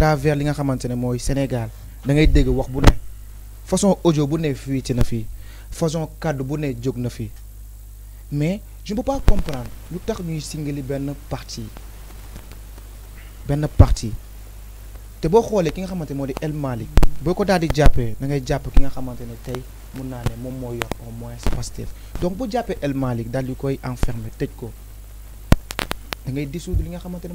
travers li nga xamantene ne Sénégal da ngay dégg wax bu ne façon audio bu ne ci na façon bu ne mais je ne peux pas comprendre lu tax ñuy singali parti ben parti te bo xolé ki nga xamantene modi El Malik. boko da ngay japp ki nga xamantene ne au moins donc bu jappé El Malik, daal di koy enfermer tej ko da ngay dissoudre li nga xamantene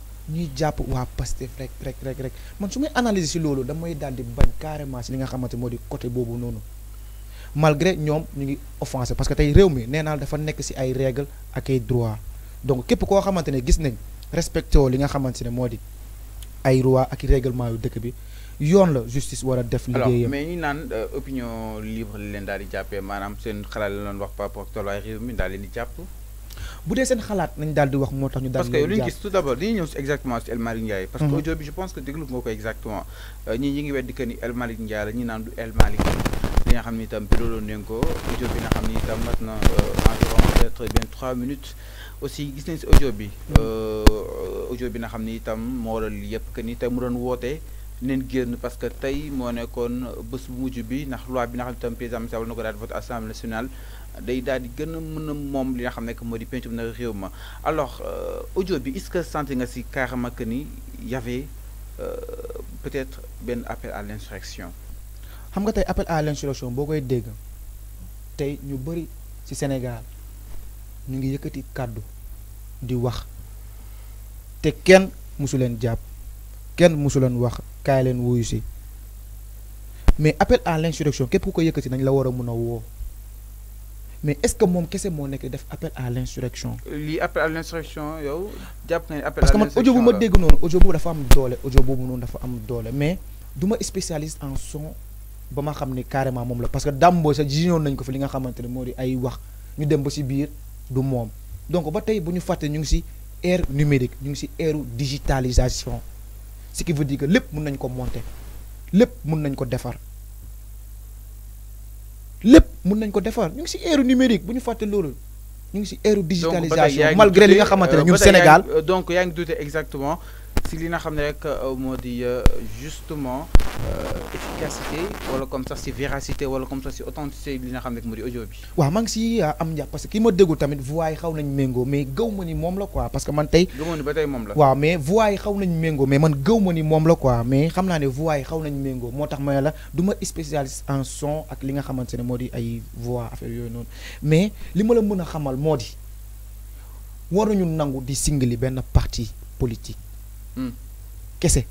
ñuy japp wa pasti rek rek rek rek man su may analyser si loolu damay dal di bañ carrément ci li nga xamanté modi di côté bobu nonu malgré ñom ñu ngi offenser parce que tay rew mi nénal dafa nek ci ay règles ak ay droits donc képp ko xamanté gis nañ respecté li nga xamanté né modi ay roi ak règlement yu dëkk bi yoon la justice wara definitely. def liggéeyam mais ñi nan euh, opinion libre li leen dal di jappé manam seen xalaal la wax par pour ak rew mi dal di Boudé sen seen nagn daldi wax motax tax ñu daal parce que li ñu gis tout d'abord ni ñëw exactement si El Malik Ndiaye parce que mhm. aujourd'hui je pense que déglu nga ko exactement euh, ñi ñi ngi weddi que ni El Malik Ndiaye la ñi naan du El Malik li nga xamni tam itam biroloon ko audio bi nga xamni tam itam na euh, environ peut-être bien trois minutes aussi gis nañ ci audio bi mhm. euh, audio bi nga xamni tam itam yépp que ni tey mu doon woté neen génn parce que tey moo nekkoon bëss bu mujju bi ndax loi bi nga xamni tam président Macky Sall na daal vote assemblée nationale day daal di gën a mën na moom li nga xam ne que moo di pencum na réew ma alors euh, audio bi est-ce que sentir nga si kaaramak que ni y avait euh, peut-être benn appel à l'insurrection xam nga tey appel à l'insurrection boo koy dégg tey ñu bëri ci Sénégal ñu ngi yëkkati kàddu di wax te kenn musu jàpp kenn musu wax kaay leen wuyu si mais appel à l'insurrection képp ku ko yëkkati nañ la war a mun a woo mais est-ce que qu'est-ce mon nekk def appel à l'insurrection li appel à l'insurrection yow jàpp nga appel parce que audio bu ma dégg non audio boobu dafa am doole audio boobu non dafa am doole mais du spécialiste en son ba ma xam carrément mom la parce que dambo sa jinoon nañ ko fi li nga xamanteni modi ay wax ñu dem ba ci biir du mom donc ba tay bu ñu fàtte ñu ngi ci ère numérique ñu ngi ci ère digitalisation ce qui veut dire que lepp mën nañ ko monter lepp mën nañ ko defar lépp mën nañ ko defar ñu ngi si ère numérique bu ñu fàtte loolu ñu ngi si ère digitalisation malgré li nga xamante ne euh, ñun Sénégal euh, donc yaa ngi douté exactement si li nga xam rek euh, modi euh, justement euh, efficacité wala comme ça si véracité wala comme ça si authenticité li nga xam rek modi audio bi. wa mang ci si am njàpp parce que ki ma déggu tamit voix yi xaw nañ mengo mais gëw ma ni mom la quoi parce que man tay gëw ma ni ba tey moom la. wa mais voix yi xaw nañ mengo mais man gëw ma ni mom la quoi mais xam na né voix yi xaw nañ mengo motax may la duma spécialiste en son ak li nga xamantene ne ay voix affaire yoy noonu mais li ma la mëna xamal modi waru ñu nangu di singali ben parti politique. Hmm. kese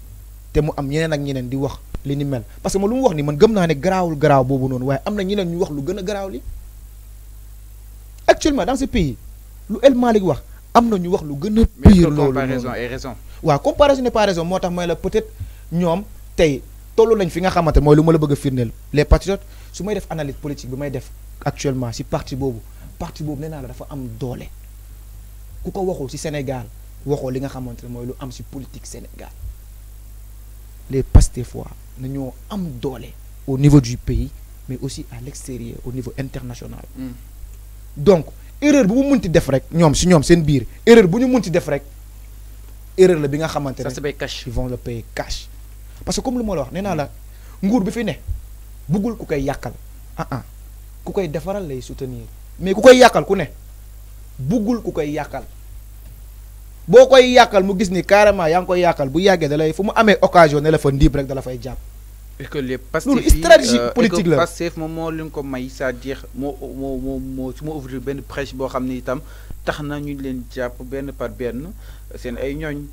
te mu am ñeneen ak ñeneen di wax li ni mel parce que mo lu mu wax ni man gëm na né grawul graw bobu non way amna na ñeneen ñu wax lu gëna graw li actuellement dans ce pays lu El Malick wax amna ñu wax lu gëna a pire loolu comparaison est raison wa comparaison n'est pas raison motax tax la peut-être ñom tay tollu nañ fi nga xamanté moy lu ma la bëgg firnel les patriotes su may def analyse politique bi may def actuellement ci parti bobu parti bobu nee la dafa am doole ku ko waxul ci Sénégal waxoo li nga xamante ne lu politique Sénégal les fois nañoo am doole au niveau du pays mais aussi à l'extérieur au niveau international hmm. donc erreur bu mu munti def rek ñoom ci ñoom seen biir erreur bu ñu munti def erreur la nga cash parce que comme lu la wax ne bugul ku koy ah ah ku koy mais ku koy yàqal ku ne ku boo koy yàqal mu gis ni carrément yaa ngi koy yàqal bu yàggee da lay fu mu amee occasion ne la fa ndiib rek da la fay jàpp. et que les Pastef loolu stratégie euh, moom moo leen ko may cest à moo moo moo moo su ma ouvrir benn prêche boo xam ne itam tax na ñu leen jàpp benn par benn seen ay ñooñ.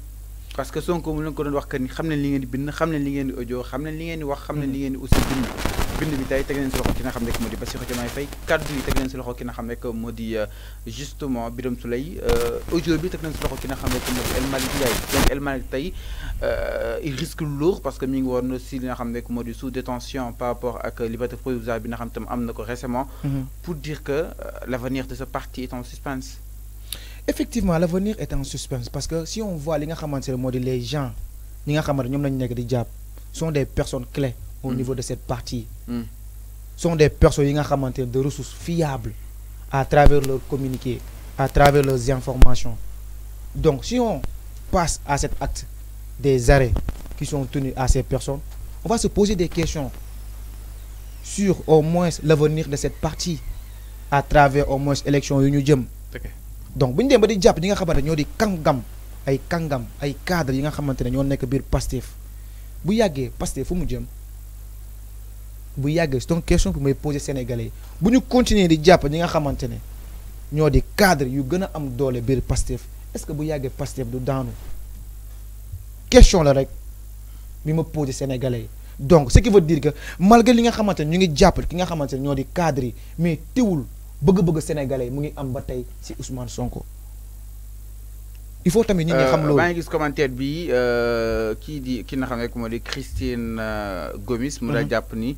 parce que Sonko mu leen ko doon wax que ni xam ne li ngeen di bind xam nañ li ngeen di xam nañ li ngeen wax xam nañ li ngeen di hmm. bind. bind bi tey teg leen si loxo ki nga xam ne moo di Bassirou Diomaye Faye kaddu yi teg leen si loxo ki n'a xam ne moo euh, justement Birame Souleye euh, audio bi teg leen si loxo ki n'a xam ne moo di El Malick Ndiaye donc El Malick tey euh, il risque lourd parce que mi ngi woon si li nga xam ne moo sous détention par rapport ak liberté provisoire bi nga xam tam am ko récemment mm-hmm. pour dire que l'avenir de ce parti est en suspense effectivement l'avenir est en suspense parce que si on voit li nga xamante ne moo les gens ñi nga xamante ñoom lañu nekk di jàpp sont des personnes clés au mm. niveau de cette partie mm. sont des personnes qui de ressources fiables à travers le communiqué à travers leurs informations donc si on passe à cet acte des arrêts qui sont tenus à ces personnes on va se poser des questions sur au moins l'avenir de cette partie à travers au moins l'élection donc si dem ba di nga des ñoo di cadres qui nga ñoo bu yàgg c'est une question pour may poser sénégalais bu ñu continuer di jàpp ñi nga xamante ne ñoo di cadre yu gën a am doole biir Pastef est-ce que bu yàggee Pastef du daanu question la rek bi ma poser sénégalais yi donc ce qui veut dire que malgré li nga xamante ne ñu ngi jàppal ki nga xamante ne ñoo di cadre yi mais tiwul bëgg-bëgg sénégalais yi mu ngi am ba tey ci Ousmane Sonko. il faut tamit ñi nga xam euh, loolu maa ngi gis commentaire bi euh, kii di ki nga xam ne di Christine euh, Gomis. mu la mhm. jàpp ni.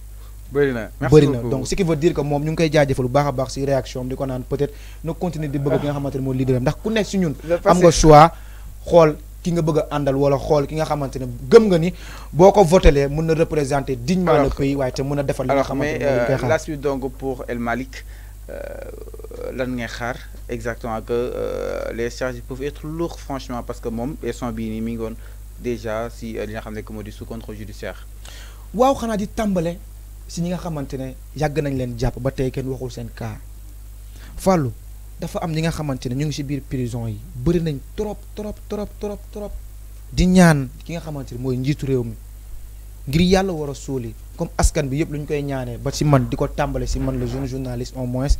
bëri donc ce qui veut dire que moi ñu ngi koy jaajëfal bu baax baax réaction am di peut-être nous continuer de bëgg nga xamante ne leader am ndax ku nekk si ñun am nga choix xool ki nga bëgg andal wala xol ki nga ne gëm nga ni boko voter les mën représenter dignement le pays waaye té mëna a li nga euh, la suite donc pour El malik euh, lan ngay xaar exactement que euh, les charges peuvent être lourdes franchement parce que et son bi ni mi ngone déjà si li nga xam comme que di sous contrôle judiciaire waaw xana di tambalé si ñi nga xamante ne yàgg nañ leen jàpp ba tey kenn waxul seen cas fàllu dafa am ñi nga xamante ne ñu ngi si biir prison yi bëri nañ trop trop trop trop trop di ñaan ki nga xamante ne mooy njiitu réew mi ngir yàlla war a suuli comme askan bi yëpp lu ñu koy ñaanee ba si man di ko tàmbali si man le jeune journaliste au moins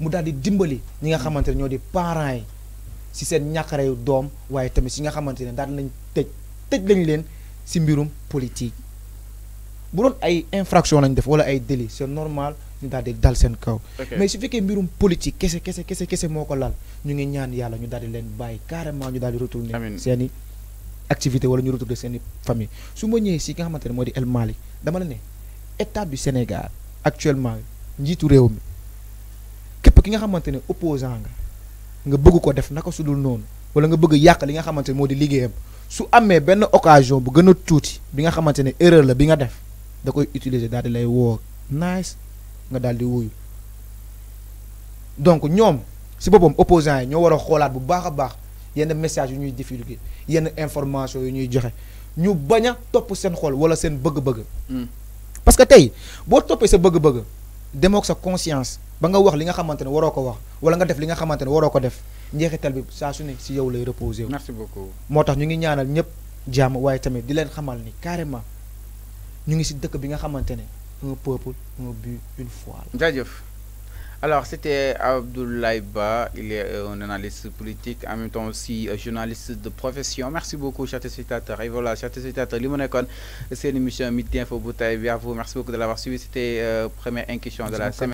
mu daal di dimbali ñi nga xamante ne ñoo di parents yi si seen ñàkkareyu doom waaye tamit si nga xamante ne daal nañ tëj tëj lañ leen si mbirum politique bu doon ay infraction lañu def wala ay délit c'est normal ñu daal di dal seen kaw. mais su fekkee mbirum politique kese kese kese kese moo ko laal ñu ngi ñaan yàlla ñu daal di leen bàyyi carrément ñu daal di retourner. amiin seen i activité wala ñu retourner seen i famille su ma ñëwee si nga xamante moo di El dama la ne état du Sénégal actuellement njiitu réew mi képp ki nga xamante ne opposant nga nga bëgg ko def naka su dul noonu wala nga bëgg yàq li nga xamante ne moo di liggéeyam su amee benn occasion bu gën a tuuti bi nga xamante ne erreur bi nga def. da koy utiliser daal di lay woo nice nga daal di wuyu donc ñoom si boppam opposants yi ñoo war a xoolaat bu baax a baax yenn message yu ñuy divulguer yenn information yu ñuy joxe ñu bañ a topp seen xool wala seen bëgg-bëgg. Hmm. parce que tey boo toppee sa bëgg-bëgg demook sa conscience ba nga wax li nga xamante ne waroo ko wax wala nga def li nga xamante ne waroo ko def njeexital bi saa su ne si yow lay reposer wu. beaucoup moo tax ñu ngi ñaanal ñëpp jàmm waaye tamit di leen xamal ni carrément. ñu ngi si bi un peuple but une fois. alors c'était Abdoulaye Ba il est euh, un analyste politique en même temps aussi euh, journaliste de profession merci beaucoup chers téléspectateurs et voilà chers téléspectateurs li c'est nekkoon Midi Info Boutaille. vous merci beaucoup de l'avoir suivi c'était euh, première question de la semaine.